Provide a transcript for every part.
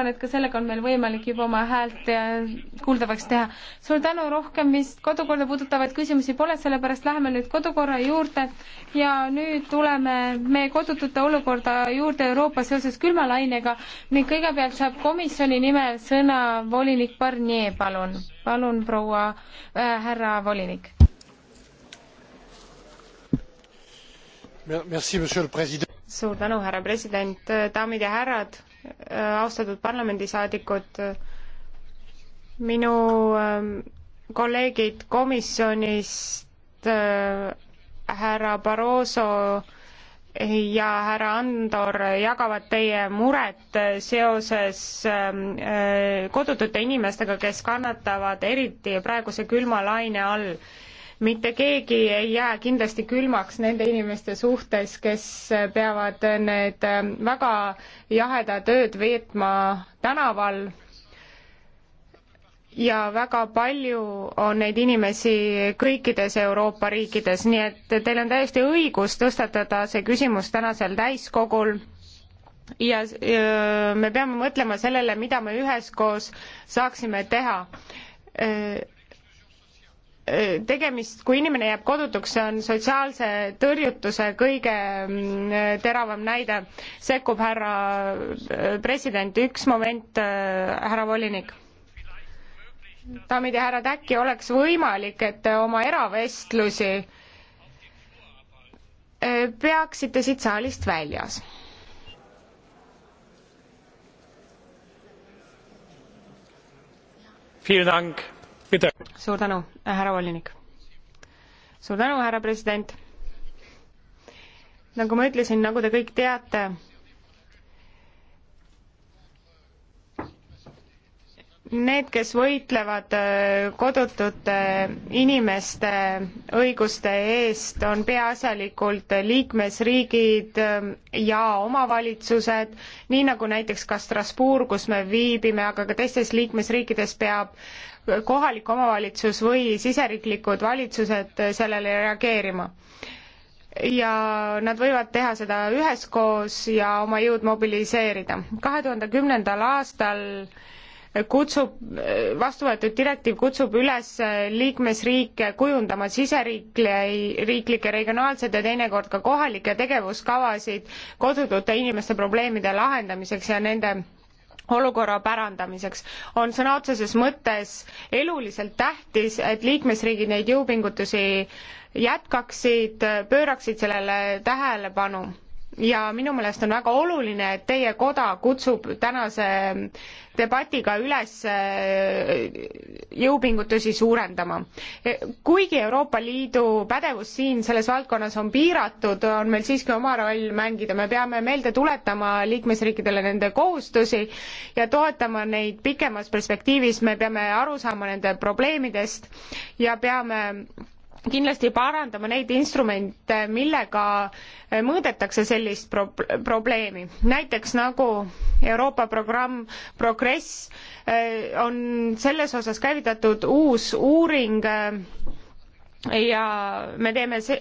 arvan, et ka sellega on meil võimalik juba oma häält kuuldavaks teha. suur tänu, rohkem vist kodukorda puudutavaid küsimusi pole, sellepärast läheme nüüd kodukorra juurde ja nüüd tuleme meie kodutute olukorda juurde Euroopas seoses külmalainega ning kõigepealt saab komisjoni nimel sõna volinik Barnier, palun. palun, proua äh,, härra volinik. suur tänu, härra president, daamid ja härrad Äh, austatud parlamendisaadikud, minu ähm, kolleegid komisjonist äh, härra Barroso ja härra Andor jagavad teie muret seoses ähm, äh, kodutute inimestega, kes kannatavad eriti praeguse külma laine all mitte keegi ei jää kindlasti külmaks nende inimeste suhtes, kes peavad need ähm, väga jahedad ööd veetma tänaval ja väga palju on neid inimesi kõikides Euroopa riikides, nii et teil on täiesti õigus tõstatada see küsimus tänasel täiskogul ja äh, me peame mõtlema sellele, mida me üheskoos saaksime teha äh, Äh, tegemist, kui inimene jääb kodutuks, see on sotsiaalse tõrjutuse kõige mm, äh, teravam näide. sekkub härra äh, president, üks moment, härra volinik. daamid ja härrad, äkki oleks võimalik, et oma eravestlusi peaksite siit saalist väljas vielen dank! suur tänu, äh, härra volinik. suur tänu, härra president. nagu ma ütlesin, nagu te kõik teate, need, kes võitlevad äh, kodutute inimeste õiguste eest, on peaasjalikult liikmesriigid äh, ja omavalitsused, nii nagu näiteks ka Strasbourg, kus me viibime, aga ka teistes liikmesriikides peab kohalik omavalitsus või siseriiklikud valitsused sellele reageerima. ja nad võivad teha seda üheskoos ja oma jõud mobiliseerida. kahe tuhande kümnendal aastal kutsub, vastu võetud direktiiv kutsub üles liikmesriike kujundama siseriikli-, riiklikke, regionaalseid ja teinekord ka kohalikke tegevuskavasid kodutute inimeste probleemide lahendamiseks ja nende olukorra parandamiseks on sõna otseses mõttes eluliselt tähtis, et liikmesriigid neid jõupingutusi jätkaksid, pööraksid sellele tähelepanu. ja minu meelest on väga oluline, et teie koda kutsub tänase debatiga üles jõupingutusi suurendama. kuigi Euroopa Liidu pädevus siin selles valdkonnas on piiratud, on meil siiski oma roll mängida, me peame meelde tuletama liikmesriikidele nende kohustusi ja toetama neid pikemas perspektiivis, me peame aru saama nende probleemidest ja peame kindlasti parandama neid instrumente, millega mõõdetakse sellist pro probleemi. näiteks nagu Euroopa programm Progress eh, on selles osas käivitatud uus uuring eh, ja me teeme se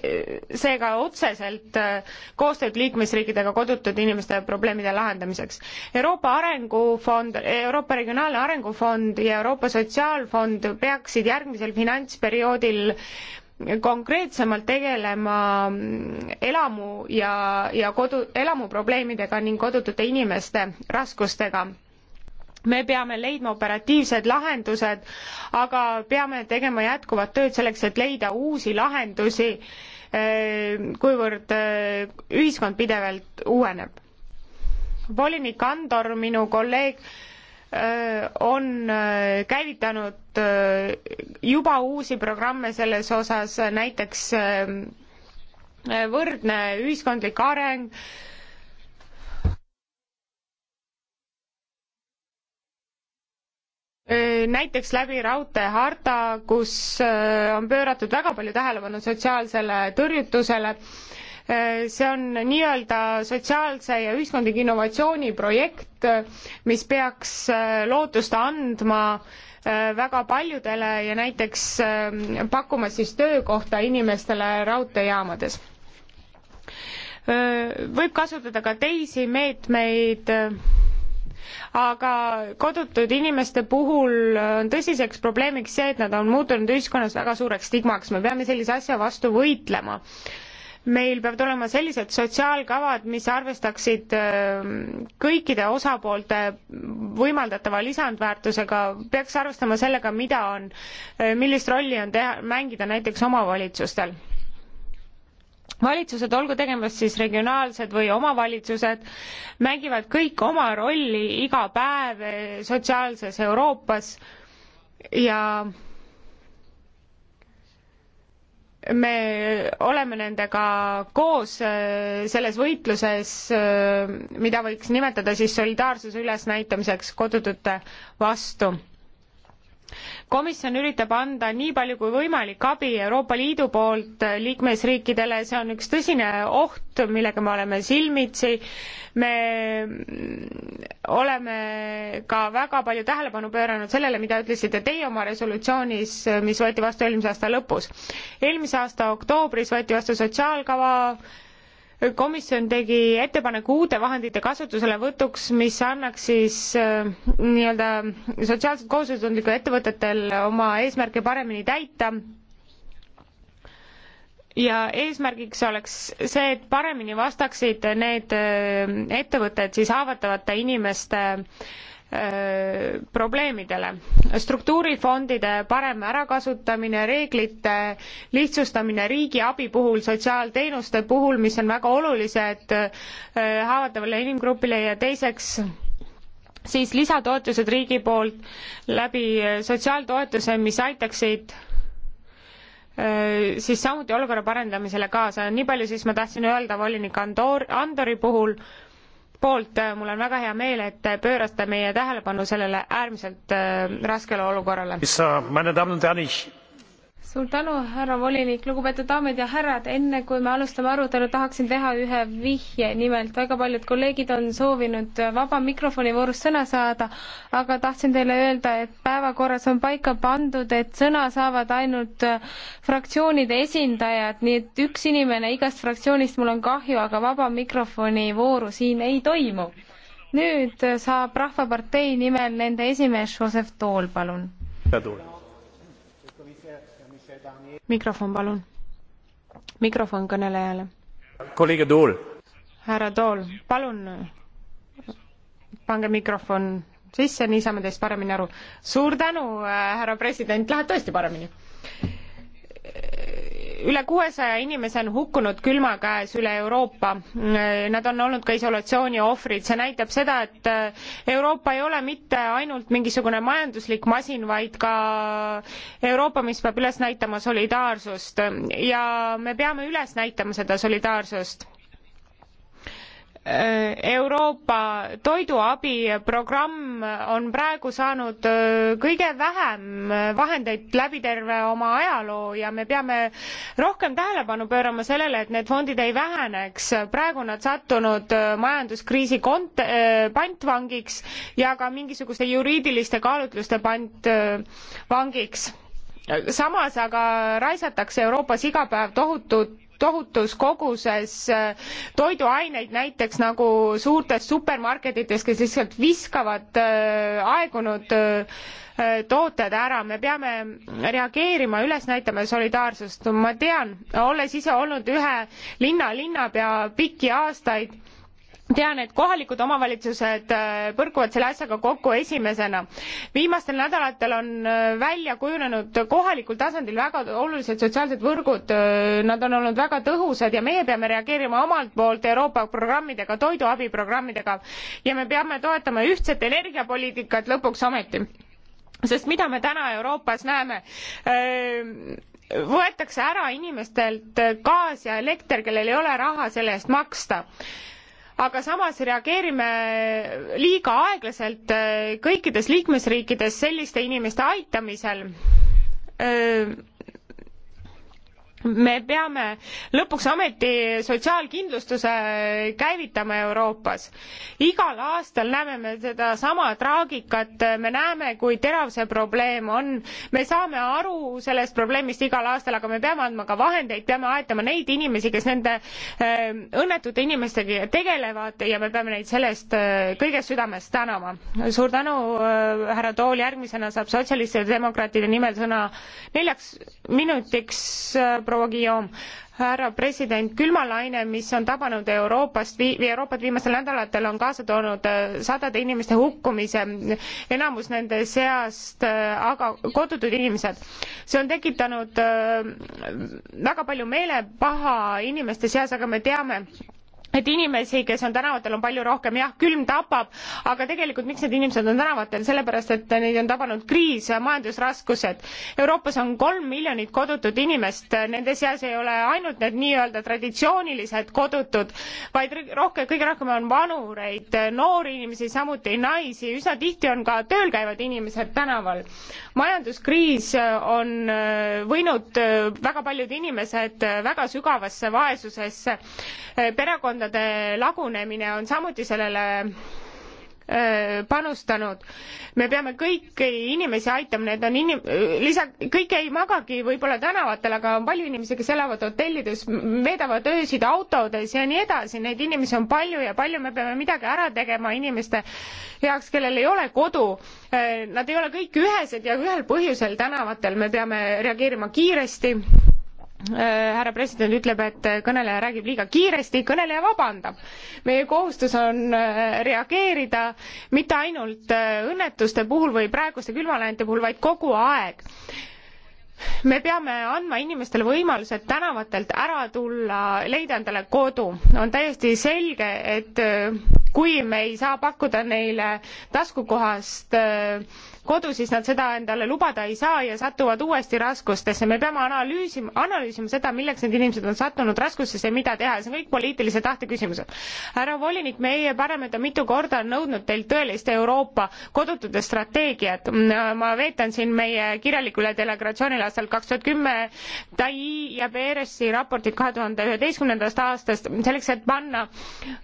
seega otseselt eh, koostööd liikmesriikidega kodutud inimeste probleemide lahendamiseks. Euroopa Arengufond, Euroopa Regionaalne Arengufond ja Euroopa Sotsiaalfond peaksid järgmisel finantsperioodil konkreetsemalt tegelema elamu ja, ja kodu, elamuprobleemidega ning kodutute inimeste raskustega. me peame leidma operatiivsed lahendused, aga peame tegema jätkuvat tööd selleks, et leida uusi lahendusi, eh, kuivõrd eh, ühiskond pidevalt uueneb. volinik Andor, minu kolleeg, Äh, on äh, käivitanud äh, juba uusi programme selles osas, näiteks võrdne ühiskondlik areng, näiteks läbi raudteeharta, kus on pööratud väga palju tähelepanu sotsiaalsele tõrjutusele see on nii-öelda sotsiaalse ja ühiskondliku innovatsiooni projekt, mis peaks äh, lootust andma äh, väga paljudele ja näiteks äh, pakkuma siis töökohta inimestele raudteejaamades. võib kasutada ka teisi meetmeid aga kodutud inimeste puhul on tõsiseks probleemiks see, et nad on muutunud ühiskonnas väga suureks stigmaks, me peame sellise asja vastu võitlema meil peavad olema sellised sotsiaalkavad, mis arvestaksid ähm, kõikide osapoolte võimaldatava lisandväärtusega, peaks arvestama sellega, mida on, äh, millist rolli on teha, mängida näiteks omavalitsustel valitsused, olgu tegemist siis regionaalsed või omavalitsused, mängivad kõik oma rolli iga päev äh, sotsiaalses Euroopas ja me oleme nendega koos äh, selles võitluses, äh, mida võiks nimetada siis solidaarsuse ülesnäitamiseks kodutute vastu komisjon üritab anda nii palju kui võimalik abi Euroopa Liidu poolt liikmesriikidele, see on üks tõsine oht, millega me oleme silmitsi. me oleme ka väga palju tähelepanu pööranud sellele, mida ütlesite teie oma resolutsioonis, mis võeti vastu eelmise aasta lõpus. eelmise aasta oktoobris võeti vastu sotsiaalkava, komisjon tegi ettepaneku uute vahendite kasutuselevõtuks, mis annaks siis äh, nii-öelda sotsiaalselt kohusetundlikul ettevõtetel oma eesmärke paremini täita ja eesmärgiks oleks see, et paremini vastaksid need äh, ettevõtted siis haavatavate inimeste äh, probleemidele. struktuurifondide parem ärakasutamine, reeglite lihtsustamine riigiabi puhul, sotsiaalteenuste puhul, mis on väga olulised äh, haavatavale inimgrupile ja teiseks siis lisatoetused riigi poolt läbi sotsiaaltoetuse, mis aitaksid Äh, siis samuti olukorra parendamisele kaasa. nii palju siis ma tahtsin öelda volinik Andor, Andori puhul poolt, äh, mul on väga hea meel, et te pöörasite meie tähelepanu sellele äärmiselt äh, raskele olukorrale suur tänu, härra volinik, lugupeetud daamid ja härrad, enne kui me alustame arutelu, tahaksin teha ühe vihje, nimelt väga paljud kolleegid on soovinud vaba mikrofoni voorus sõna saada, aga tahtsin teile öelda, et päevakorras on paika pandud, et sõna saavad ainult äh, fraktsioonide esindajad, nii et üks inimene igast fraktsioonist, mul on kahju, aga vaba mikrofoni vooru siin ei toimu. nüüd saab Rahvapartei nimel nende esimees Joseph Tool, palun mikrofon, palun. mikrofon kõnelejale. kolleeg Tool. härra Tool, palun pange mikrofon sisse, nii saame teist paremini aru. suur tänu, äh, härra president, läheb tõesti paremini üle kuuesaja inimese on hukkunud külma käes üle Euroopa. Nad on olnud ka isolatsiooni ohvrid, see näitab seda, et äh, Euroopa ei ole mitte ainult mingisugune majanduslik masin, vaid ka Euroopa, mis peab üles näitama solidaarsust ja me peame üles näitama seda solidaarsust Äh, Euroopa toiduabiprogramm on praegu saanud äh, kõige vähem äh, vahendeid läbi terve oma ajaloo ja me peame rohkem tähelepanu pöörama sellele, et need fondid ei väheneks. praegu on nad sattunud majanduskriisi kont-, pantvangiks ja ka mingisuguste juriidiliste kaalutluste pantvangiks. samas aga raisatakse Euroopas iga päev tohutut tohutus koguses äh, toiduaineid, näiteks nagu suurtest supermarketitest, kes lihtsalt viskavad äh, aegunud äh, tooted ära, me peame reageerima, üles näitama solidaarsust. ma tean, olles ise olnud ühe linna linnapea pikki aastaid, tean, et kohalikud omavalitsused äh, põrkuvad selle asjaga kokku esimesena. viimastel nädalatel on äh, välja kujunenud kohalikul tasandil väga olulised sotsiaalsed võrgud, äh, nad on olnud väga tõhusad ja meie peame reageerima omalt poolt Euroopa programmidega, toiduabiprogrammidega ja me peame toetama ühtset energiapoliitikat lõpuks ometi sest mida me täna Euroopas näeme? võetakse ära inimestelt gaas ja elekter, kellel ei ole raha selle eest maksta aga samas reageerime liiga aeglaselt äh, kõikides liikmesriikides selliste inimeste aitamisel äh, me peame lõpuks ometi sotsiaalkindlustuse käivitama Euroopas. igal aastal näeme me sedasama traagikat, me näeme, kui terav see probleem on. me saame aru sellest probleemist igal aastal, aga me peame andma ka vahendeid, peame aetama neid inimesi, kes nende eh, õnnetute inimestega tegelevad ja me peame neid selle eest eh, kõigest südamest tänama. suur tänu, eh, härra Tool, järgmisena saab sotsialistide ja demokraatide nimel sõna neljaks minutiks proua Guillaume. härra president, külmalaine, mis on tabanud Euroopast vi-, Euroopat viimastel nädalatel, on kaasa toonud äh, sadade inimeste hukkumise, enamus nende seast äh, aga kodutud inimesed. see on tekitanud äh, väga palju meelepaha inimeste seas, aga me teame, et inimesi, kes on tänavatel, on palju rohkem, jah, külm tapab, aga tegelikult miks need inimesed on tänavatel, sellepärast et neid on tabanud kriis, majandusraskused. Euroopas on kolm miljonit kodutut inimest, nende seas ei ole ainult need nii-öelda traditsioonilised kodutud, vaid rohkem, kõige rohkem on vanureid, noori inimesi, samuti naisi, üsna tihti on ka tööl käivad inimesed tänaval. majanduskriis on äh, võinud äh, väga paljud inimesed äh, väga sügavasse vaesusesse, perekond piirkondade lagunemine on samuti sellele äh, panustanud. me peame kõiki inimesi aitama, need on inim-, lisa-, kõik ei magagi võib-olla tänavatel, aga on palju inimesi, kes elavad hotellides, veedavad öösid autodes ja nii edasi, neid inimesi on palju ja palju me peame midagi ära tegema inimeste heaks, kellel ei ole kodu. Äh, nad ei ole kõik ühesed ja ühel põhjusel tänavatel, me peame reageerima kiiresti Äh, härra president ütleb, et kõneleja räägib liiga kiiresti, kõneleja vabandab. meie kohustus on äh, reageerida mitte ainult äh, õnnetuste puhul või praeguste külmalainete puhul, vaid kogu aeg me peame andma inimestele võimalused tänavatelt ära tulla, leida endale kodu. on täiesti selge, et kui me ei saa pakkuda neile taskukohast kodu, siis nad seda endale lubada ei saa ja satuvad uuesti raskustesse. me peame analüüsima, analüüsima seda, milleks need inimesed on sattunud raskustesse ja mida teha. see on kõik poliitilise tahte küsimused. härra volinik, meie parlament on mitu korda nõudnud teilt tõelist Euroopa kodutute strateegiat. ma veetan siin meie kirjalikule delegatsioonile aastal kaks tuhat kümme Tai ja Peresi raportit kahe tuhande üheteistkümnendast aastast selleks, et panna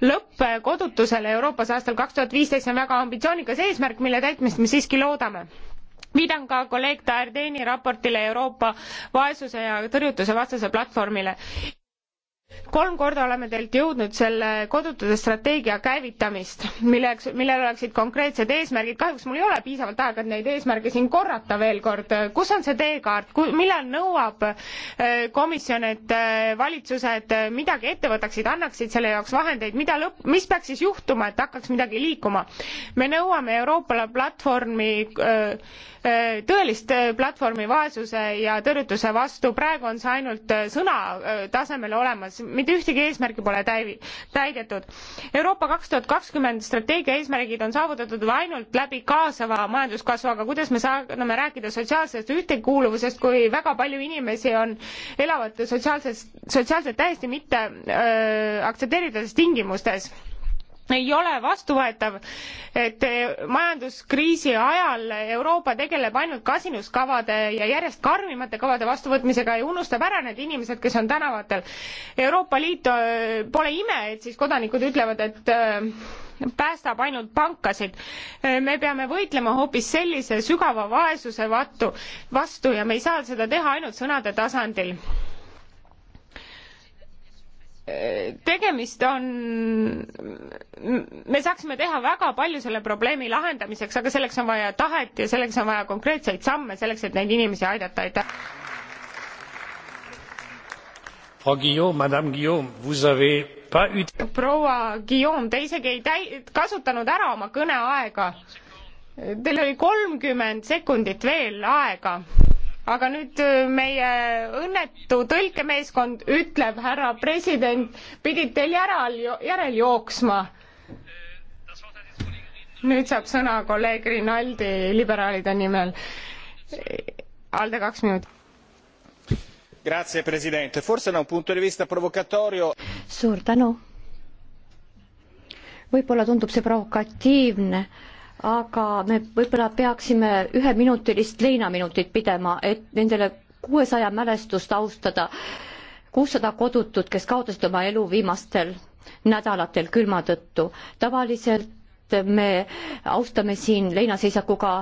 lõpp kodutusele Euroopas aastal kaks tuhat viisteist, see on väga ambitsioonikas eesmärk, mille täitmist me siiski loodame peame viidan ka kolleeg Tardeni raportile Euroopa vaesuse ja tõrjutuse vastase platvormile kolm korda oleme teilt jõudnud selle kodutute strateegia käivitamist, milleks, millel oleksid konkreetsed eesmärgid, kahjuks mul ei ole piisavalt aega, et neid eesmärke siin korrata veel kord, kus on see teekaart, millal nõuab äh, komisjon, et äh, valitsused äh, midagi ette võtaksid, annaksid selle jaoks vahendeid, mida lõpp, mis peaks siis juhtuma, et hakkaks midagi liikuma? me nõuame Euroopale platvormi tõelist platvormi vaesuse ja tõrjutuse vastu, praegu on see ainult sõna tasemel olemas, juures, mitte ühtegi eesmärki pole täi-, täidetud. Euroopa kaks tuhat kakskümmend strateegia eesmärgid on saavutatud ainult läbi kaasava majanduskasvu, aga kuidas me saame rääkida sotsiaalsest ühtekuuluvusest, kui väga palju inimesi on, elavad sotsiaalses, sotsiaalselt täiesti mitte öö, aktsepteerides tingimustes? ei ole vastuvõetav, et eh, majanduskriisi ajal Euroopa tegeleb ainult kasinuskavade ja järjest karmimate kavade vastuvõtmisega ja unustab ära need inimesed, kes on tänavatel. Euroopa Liit, eh, pole ime, et siis kodanikud ütlevad, et eh, päästab ainult pankasid. me peame võitlema hoopis sellise sügava vaesuse vattu, vastu ja me ei saa seda teha ainult sõnade tasandil tegemist on, me saaksime teha väga palju selle probleemi lahendamiseks, aga selleks on vaja tahet ja selleks on vaja konkreetseid samme selleks, et neid inimesi aidata, aitäh. proua Guillaume, te isegi ei täi-, kasutanud ära oma kõneaega. Teil oli kolmkümmend sekundit veel aega aga nüüd äh, meie õnnetu tõlkemeeskond ütleb, härra president, pidid teil järel, järel jooksma. nüüd saab sõna kolleeg Rinaldi liberaalide nimel. Alde kaks minutit signor presidente forse da un punto di vista provocatorio. suur tänu võib-olla tundub see provokatiivne aga me võib-olla peaksime üheminutilist leinaminutit pidama, et nendele kuuesaja mälestust austada, kuussada kodutut, kes kaotasid oma elu viimastel nädalatel külma tõttu. tavaliselt me austame siin leinaseisakuga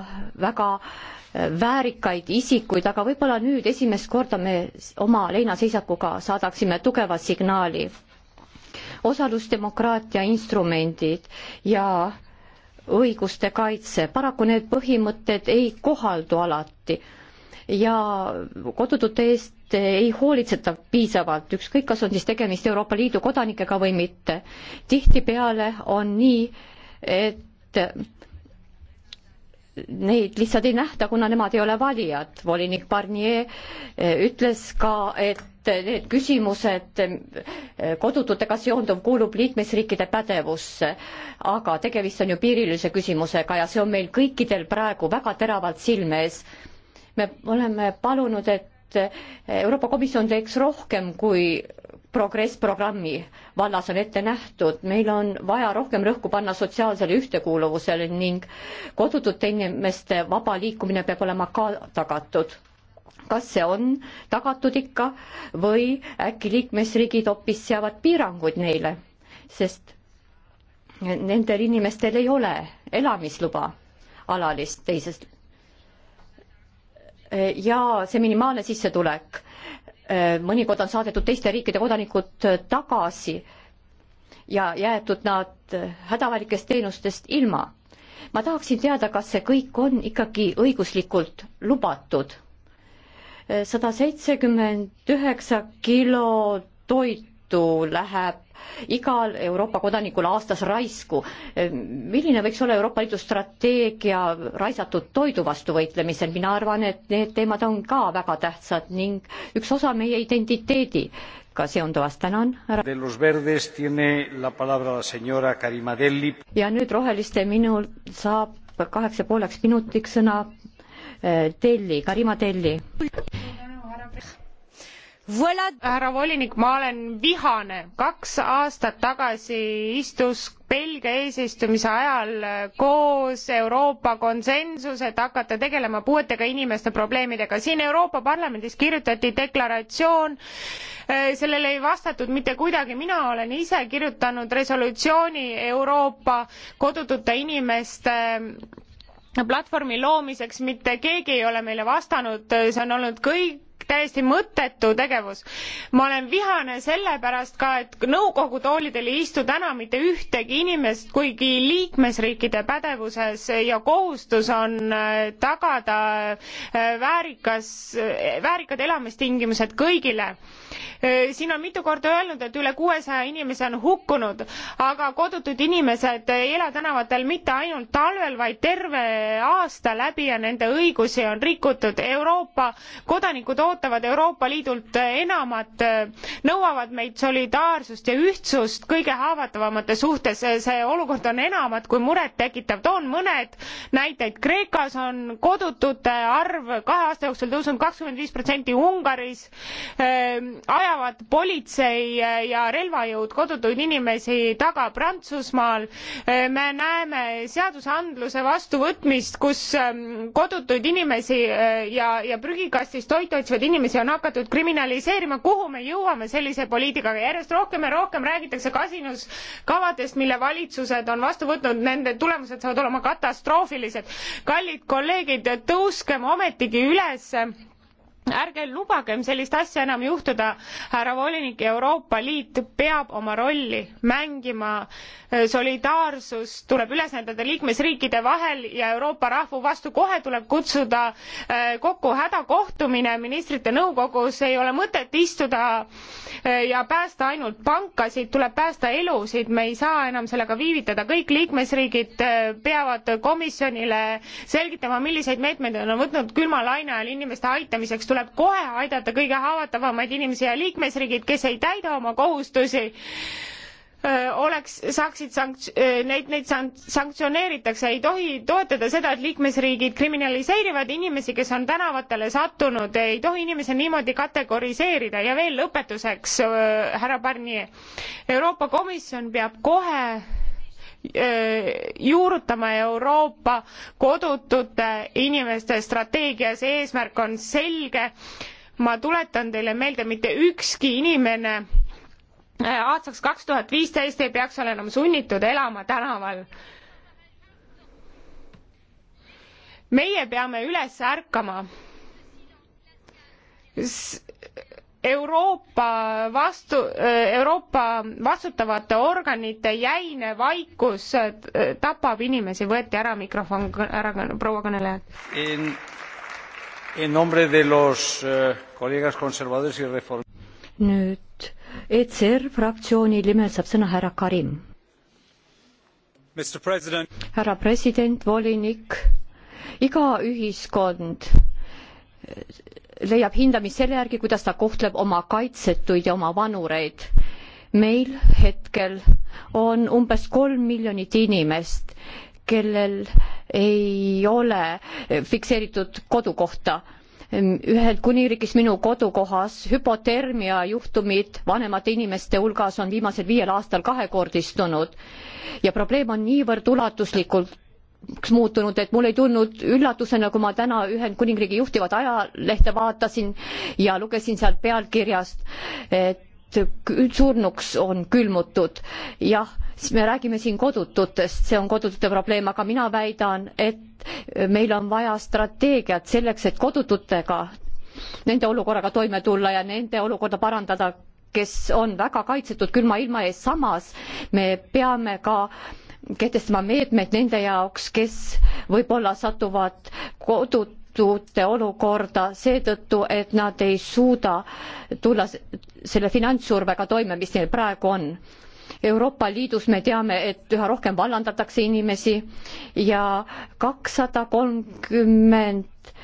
väga äh, väärikaid isikuid, aga võib-olla nüüd esimest korda me oma leinaseisakuga saadaksime tugeva signaali. osalusdemokraatia instrumendid ja äh, õiguste kaitse. paraku need põhimõtted ei kohaldu alati ja kodutute eest ei hoolitseta piisavalt, ükskõik, kas on siis tegemist Euroopa Liidu kodanikega või mitte. tihtipeale on nii, et neid lihtsalt ei nähta, kuna nemad ei ole valijad. volinik Barnier eh, ütles ka, et need küsimused, eh, kodututega seonduv kuulub liikmesriikide pädevusse, aga tegemist on ju piirilise küsimusega ja see on meil kõikidel praegu väga teravalt silme ees. me oleme palunud, et Euroopa Komisjon teeks rohkem, kui progress programmi vallas on ette nähtud, meil on vaja rohkem rõhku panna sotsiaalsele ühtekuuluvusele ning kodutute inimeste vaba liikumine peab olema ka tagatud. kas see on tagatud ikka või äkki liikmesriigid hoopis seavad piiranguid neile, sest nendel inimestel ei ole elamisluba alalist teises ja see minimaalne sissetulek Äh, mõnikord on saadetud teiste riikide kodanikud äh, tagasi ja jäetud nad äh, hädavalikest teenustest ilma. ma tahaksin teada, kas see kõik on ikkagi õiguslikult lubatud. sada seitsekümmend üheksa kilo toitu läheb igal Euroopa kodanikul aastas raisku. milline võiks olla Euroopa Liidu strateegia raisatud toidu vastu võitlemisel, mina arvan, et need teemad on ka väga tähtsad ning üks osa meie identiteedi ka seonduvast tänan, härra. ja nüüd roheliste minul saab kaheksa pooleks minutiks sõna Telli, eh, Karima Telli voilà. härra volinik, ma olen vihane. kaks aastat tagasi istus Belgia eesistumise ajal koos Euroopa konsensus, et hakata tegelema puuetega inimeste probleemidega. siin Euroopa Parlamendis kirjutati deklaratsioon, äh, sellele ei vastatud mitte kuidagi. mina olen ise kirjutanud resolutsiooni Euroopa kodutute inimeste äh, platvormi loomiseks, mitte keegi ei ole meile vastanud, see on olnud kõik täiesti mõttetu tegevus. ma olen vihane sellepärast ka, et nõukogu toolidel ei istu täna mitte ühtegi inimest, kuigi liikmesriikide pädevuses ja kohustus on äh, tagada äh, väärikas, äh, väärikad elamistingimused kõigile Äh, siin on mitu korda öelnud, et üle kuuesaja inimese on hukkunud, aga kodutud inimesed ei ela tänavatel mitte ainult talvel, vaid terve aasta läbi ja nende õigusi on rikutud. Euroopa kodanikud ootavad Euroopa Liidult enamat, nõuavad meilt solidaarsust ja ühtsust kõige haavatavamate suhtes. see olukord on enamat kui murettekitav. toon mõned näiteid. Kreekas on kodutute arv kahe aasta jooksul tõusnud kakskümmend viis protsenti, Ungaris ehm, ajavad politsei ja relvajõud kodutuid inimesi taga Prantsusmaal. me näeme seadusandluse vastuvõtmist, kus ähm, kodutuid inimesi äh, ja, ja prügikastis toitu otsivaid inimesi on hakatud kriminaliseerima. kuhu me jõuame sellise poliitikaga? järjest rohkem ja rohkem räägitakse kasinuskavadest, mille valitsused on vastu võtnud, nende tulemused saavad olema katastroofilised. kallid kolleegid, tõuskem ometigi üles ärge lubagem sellist asja enam juhtuda, härra volinik, Euroopa Liit peab oma rolli mängima, solidaarsus tuleb üles näidata liikmesriikide vahel ja Euroopa rahvu vastu, kohe tuleb kutsuda eh, kokku hädakohtumine ministrite nõukogus, ei ole mõtet istuda eh, ja päästa ainult pankasid, tuleb päästa elusid, me ei saa enam sellega viivitada, kõik liikmesriigid eh, peavad komisjonile selgitama, milliseid meetmeid on võtnud külma laine ajal inimeste aitamiseks, tuleb kohe aidata kõige haavatavamaid inimesi ja liikmesriigid, kes ei täida oma kohustusi, oleks, saaksid sankts-, neid, neid sanktsioneeritakse, ei tohi toetada seda, et liikmesriigid kriminaliseerivad inimesi, kes on tänavatele sattunud, ei tohi inimesi niimoodi kategoriseerida ja veel lõpetuseks, härra Barnier, Euroopa Komisjon peab kohe Äh, juurutama Euroopa kodutute inimeste strateegias, eesmärk on selge. ma tuletan teile meelde, mitte ükski inimene äh, aastaks kaks tuhat viisteist ei peaks olema enam sunnitud elama tänaval. meie peame üles ärkama S Euroopa vastu, Euroopa vastutavate organite jäine vaikus tapab inimesi, võeti ära mikrofon ära proua kõnelejalt. Eh, nüüd ECR fraktsiooni nimel saab sõna härra Karim. härra president, volinik, iga ühiskond leiab hindamist selle järgi, kuidas ta kohtleb oma kaitsetuid ja oma vanureid. meil hetkel on umbes kolm miljonit inimest, kellel ei ole fikseeritud kodukohta. Ühendkuningriigis minu kodukohas hüpotermia juhtumid vanemate inimeste hulgas on viimasel viiel aastal kahekordistunud ja probleem on niivõrd ulatuslikult muutunud, et mul ei tulnud üllatusena, kui ma täna Ühendkuningriigi juhtivat ajalehte vaatasin ja lugesin sealt pealkirjast, et surnuks on külmutud. jah, me räägime siin kodututest, see on kodutute probleem, aga mina väidan, et meil on vaja strateegiat selleks, et kodututega, nende olukorraga toime tulla ja nende olukorda parandada, kes on väga kaitsetud külma ilma ees, samas me peame ka äh, kehtestama meetmed nende jaoks, kes võib-olla satuvad kodutute olukorda seetõttu, et nad ei suuda tulla selle finantssurvega toime, mis neil praegu on. Euroopa Liidus me teame, et üha rohkem vallandatakse inimesi ja kakssada kolmkümmend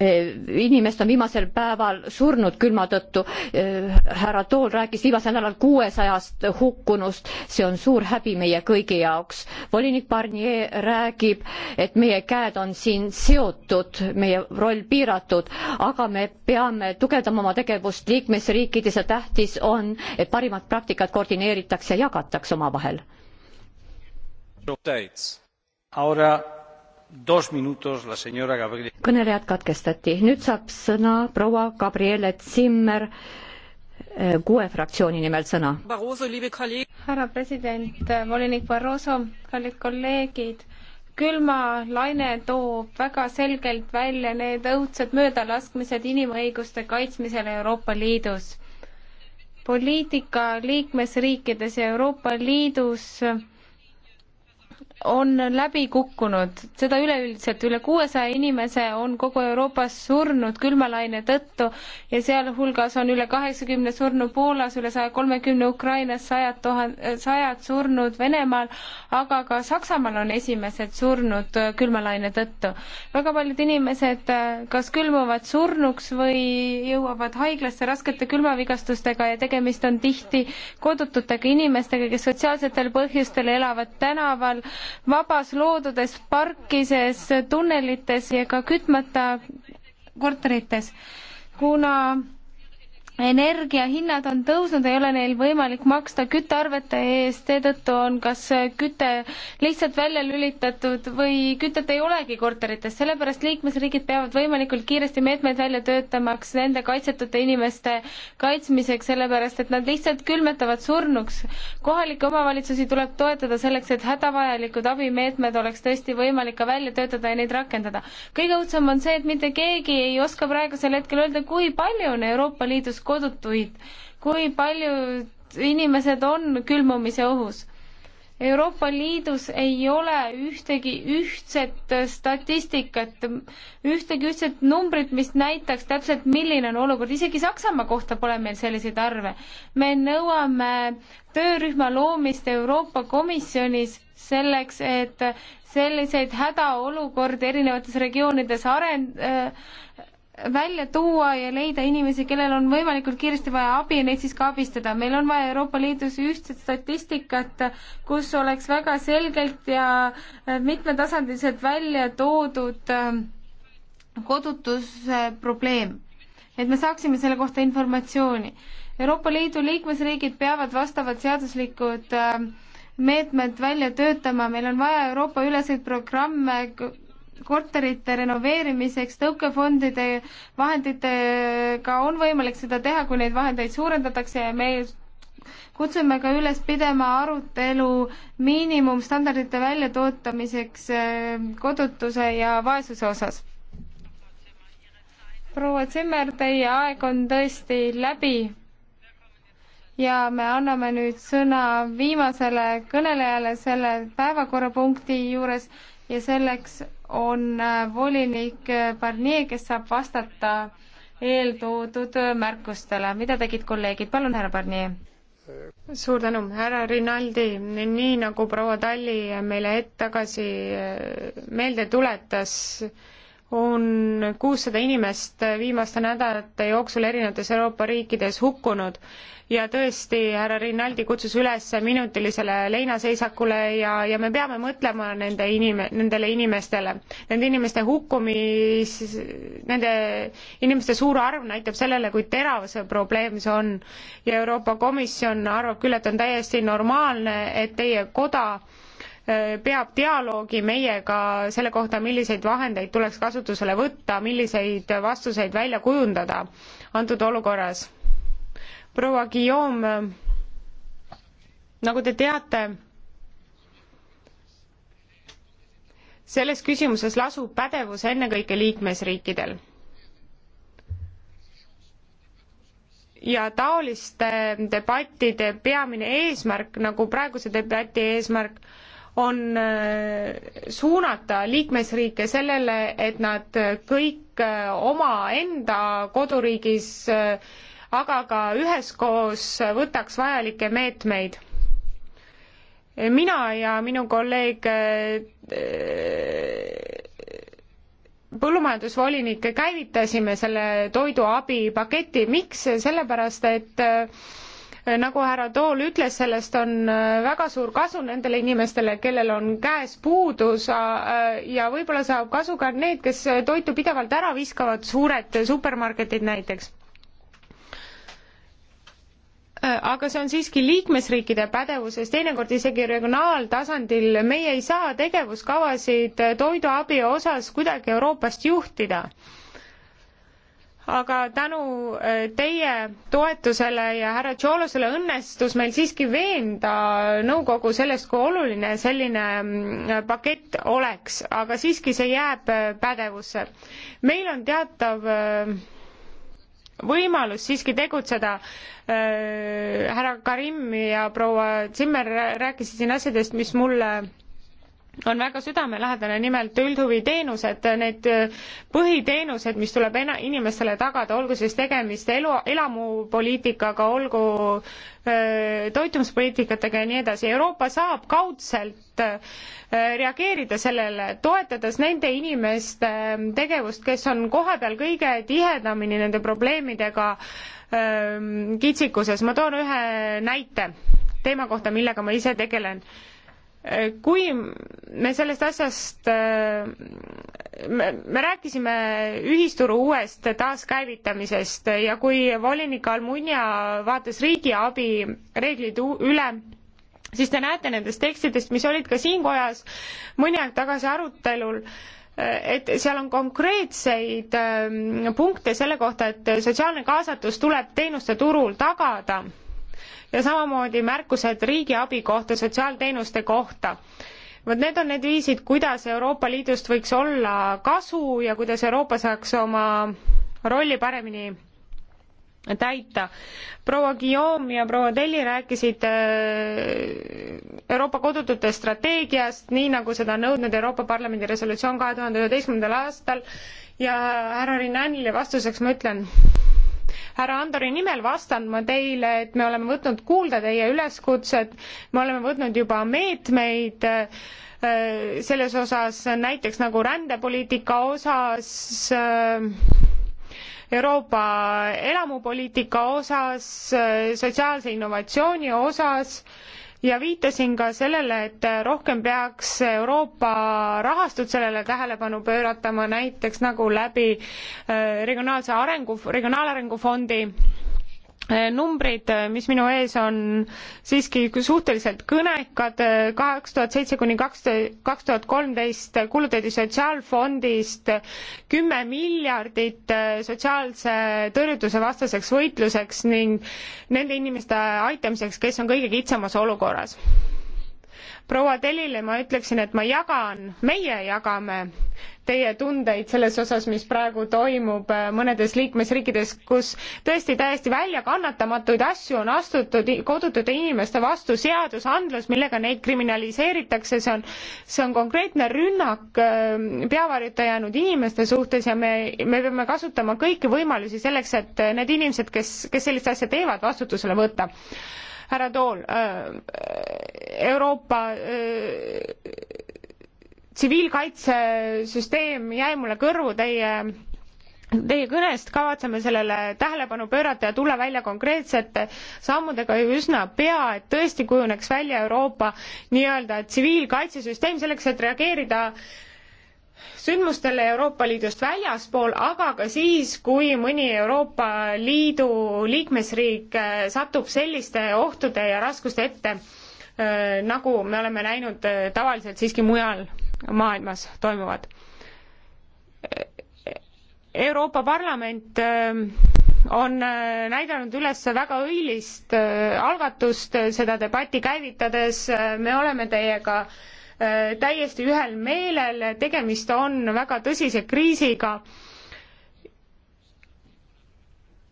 Eh, inimest on viimasel päeval surnud külma tõttu. Eh, härra Tool rääkis viimasel nädalal kuuesajast hukkunust, see on suur häbi meie kõigi jaoks. volinik Barnier räägib, et meie käed on siin seotud, meie roll piiratud, aga me peame tugevdama oma tegevust liikmesriikides ja tähtis on, et parimad praktikad koordineeritakse ja jagatakse omavahel. Ahora kõnelejad katkestati, nüüd saab sõna proua Gabriele Zimmer eh, kuue fraktsiooni nimel sõna. härra president, eh, volinik Barroso, kallid kolleegid, külmalaine toob väga selgelt välja need õudsed möödalaskmised inimõiguste kaitsmisel Euroopa Liidus. poliitika liikmesriikides ja Euroopa Liidus on läbi kukkunud, seda üleüldiselt, üle kuuesaja inimese on kogu Euroopas surnud külmalaine tõttu ja sealhulgas on üle kaheksakümne surnu Poolas, üle saja kolmekümne Ukrainas, sajad tuhan-, sajad surnud Venemaal, aga ka Saksamaal on esimesed surnud äh, külmalaine tõttu. väga paljud inimesed äh, kas külmuvad surnuks või jõuavad haiglasse raskete külmavigastustega ja tegemist on tihti kodututega inimestega, kes sotsiaalsetel põhjustel elavad tänaval, vabas loodudes, parkides, tunnelites ja ka kütmata korterites, kuna energiahinnad on tõusnud, ei ole neil võimalik maksta küttearvete eest, seetõttu on kas küte lihtsalt välja lülitatud või kütet ei olegi korterites, sellepärast liikmesriigid peavad võimalikult kiiresti meetmeid välja töötamaks nende kaitsetute inimeste kaitsmiseks, sellepärast et nad lihtsalt külmetavad surnuks. kohalikke omavalitsusi tuleb toetada selleks, et hädavajalikud abimeetmed oleks tõesti võimalik ka välja töötada ja neid rakendada. kõige õudsem on see, et mitte keegi ei oska praegusel hetkel öelda, kui palju on Euroopa Liidus kodutuid, kui paljud inimesed on külmumise ohus. Euroopa Liidus ei ole ühtegi ühtset statistikat, ühtegi ühtset numbrit, mis näitaks täpselt, milline on olukord, isegi Saksamaa kohta pole meil selliseid arve. me nõuame töörühma loomist Euroopa Komisjonis selleks, et selliseid hädaolukordi erinevates regioonides arend- äh,, välja tuua ja leida inimesi, kellel on võimalikult kiiresti vaja abi ja neid siis ka abistada. meil on vaja Euroopa Liidus ühtset statistikat, kus oleks väga selgelt ja äh, mitmetasandiliselt välja toodud ähm, kodutuse probleem. et me saaksime selle kohta informatsiooni. Euroopa Liidu liikmesriigid peavad vastavad seaduslikud ähm, meetmed välja töötama, meil on vaja Euroopa üleseid programme, korterite renoveerimiseks tõukefondide vahenditega on võimalik seda teha, kui neid vahendeid suurendatakse ja me kutsume ka üles pidama arutelu miinimumstandardite väljatootamiseks äh, kodutuse ja vaesuse osas. proua Zimmer, teie aeg on tõesti läbi ja me anname nüüd sõna viimasele kõnelejale selle päevakorrapunkti juures ja selleks on äh, volinik äh, Barnier, kes saab vastata eeltoodud äh, märkustele. mida tegid kolleegid? palun, härra Barnier. suur tänu, härra Rinaldi. nii nagu proua Talli meile hetk tagasi meelde tuletas, on kuussada inimest viimaste nädalate jooksul erinevates Euroopa riikides hukkunud ja tõesti, härra Rinaldi kutsus üles minutilisele leinaseisakule ja, ja me peame mõtlema nende inim-, nendele inimestele. Nende inimeste hukkumis, nende inimeste suur arv näitab sellele, kui terav see probleem see on. ja Euroopa Komisjon arvab küll, et on täiesti normaalne, et teie koda peab dialoogi meiega selle kohta, milliseid vahendeid tuleks kasutusele võtta, milliseid vastuseid välja kujundada antud olukorras proua Guillaume, nagu te teate, selles küsimuses lasub pädevus ennekõike liikmesriikidel. ja taoliste debattide peamine eesmärk, nagu praeguse debati eesmärk, on äh, suunata liikmesriike sellele, et nad kõik äh, omaenda koduriigis äh, aga ka üheskoos võtaks vajalikke meetmeid. mina ja minu kolleeg äh, põllumajandusvolinik käivitasime selle toiduabipaketi, miks, sellepärast et äh, nagu härra Tool ütles, sellest on äh, väga suur kasu nendele inimestele, kellel on käes puudus ja võib-olla saab kasu ka need, kes toitu pidevalt ära viskavad, suured supermarketid näiteks. aga see on siiski liikmesriikide pädevuses, teinekord isegi regionaaltasandil meie ei saa tegevuskavasid toiduabi osas kuidagi Euroopast juhtida aga tänu eh, teie toetusele ja härra Tšolosele õnnestus meil siiski veenda nõukogu sellest, kui oluline selline mm, pakett oleks, aga siiski see jääb eh, pädevusse. meil on teatav äh, võimalus siiski tegutseda. Äh, härra Karim ja proua Zimmer rääkisid siin asjadest, mis mulle on väga südamelähedane, nimelt üldhuviteenused, need äh, põhiteenused, mis tuleb ena-, inimestele tagada, olgu siis tegemist elu, elamupoliitikaga, olgu öö, äh, toitumispoliitikatega ja nii edasi, Euroopa saab kaudselt öö, äh, reageerida sellele, toetades nende inimeste ähm, tegevust, kes on kohapeal kõige tihedamini nende probleemidega öö, ähm, kitsikuses, ma toon ühe näite teema kohta, millega ma ise tegelen kui me sellest asjast, me rääkisime ühisturu uuest taaskäivitamisest ja kui volinik Almunia vaatas riigiabi reeglid üle, siis te näete nendest tekstidest, mis olid ka siin kojas mõni aeg tagasi arutelul, et seal on konkreetseid ähm, punkte selle kohta, et sotsiaalne kaasatus tuleb teenuste turul tagada ja samamoodi märkused riigiabi kohta, sotsiaalteenuste kohta vot need on need viisid, kuidas Euroopa Liidust võiks olla kasu ja kuidas Euroopa saaks oma rolli paremini täita. proua Guillaume ja proua Telli rääkisid äh, Euroopa kodutute strateegiast, nii nagu seda on nõudnud Euroopa Parlamendi resolutsioon kahe tuhande üheteistkümnendal aastal ja härra Rinnanile vastuseks ma ütlen, härra Andori nimel vastan ma teile, et me oleme võtnud kuulda teie üleskutsed, me oleme võtnud juba meetmeid äh, selles osas, näiteks nagu rändepoliitika osas, äh, Euroopa elamupoliitika osas, äh, sotsiaalse innovatsiooni osas ja viitasin ka sellele, et rohkem peaks Euroopa rahastud sellele tähelepanu pööratama, näiteks nagu läbi äh, regionaalse arengu, regionaalarengu fondi Eh, numbrid, eh, mis minu ees on siiski suhteliselt kõnekad, eh, kaks tuhat seitse kuni kaks, kaks tuhat kolmteist kulutati sotsiaalfondist kümme miljardit sotsiaalse tõrjutuse vastaseks võitluseks ning nende inimeste aitamiseks, kes on kõige kitsamas olukorras proua Telile ma ütleksin, et ma jagan, meie jagame teie tundeid selles osas, mis praegu toimub äh, mõnedes liikmesriikides, kus tõesti täiesti väljakannatamatuid asju on astutud kodutute inimeste vastu, seadusandlus, millega neid kriminaliseeritakse, see on, see on konkreetne rünnak äh, peavarjuta jäänud inimeste suhtes ja me, me peame kasutama kõiki võimalusi selleks, et need inimesed, kes, kes sellist asja teevad, vastutusele võtta härra Tool, äh, Euroopa äh, tsiviilkaitsesüsteem jäi mulle kõrvu teie Teie kõnest kavatseme sellele tähelepanu pöörata ja tulla välja konkreetsete sammudega üsna pea, et tõesti kujuneks välja Euroopa nii-öelda tsiviilkaitsesüsteem selleks, et reageerida äh, sündmustele Euroopa Liidust väljaspool, aga ka siis, kui mõni Euroopa Liidu liikmesriik äh, satub selliste ohtude ja raskuste ette, äh, nagu me oleme näinud äh, tavaliselt siiski mujal maailmas toimuvad. Euroopa Parlament on näidanud üles väga õilist algatust seda debatti käivitades, me oleme teiega äh, Äh, täiesti ühel meelel, tegemist on väga tõsise kriisiga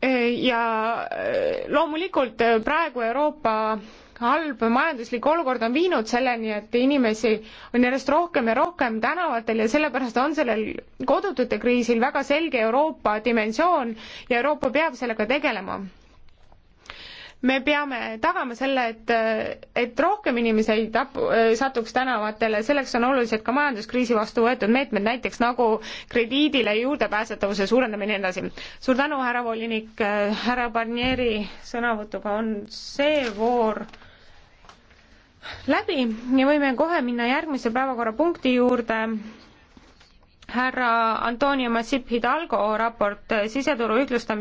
äh, ja äh, loomulikult praegu Euroopa halb majanduslik olukord on viinud selleni, et inimesi on järjest rohkem ja rohkem tänavatel ja sellepärast on sellel kodutute kriisil väga selge Euroopa dimensioon ja Euroopa peab sellega tegelema me peame tagama selle, et, et rohkem inimesi ei tapu, satuks tänavatele, selleks on olulised ka majanduskriisi vastu võetud meetmed, näiteks nagu krediidile juurdepääsetavuse suurendamine ja nii edasi. suur tänu, härra volinik, härra Barnieri sõnavõtuga on see voor läbi ja võime kohe minna järgmise päevakorrapunkti juurde härra Antonio Massip Hidalgo raport siseturu ühtlustamise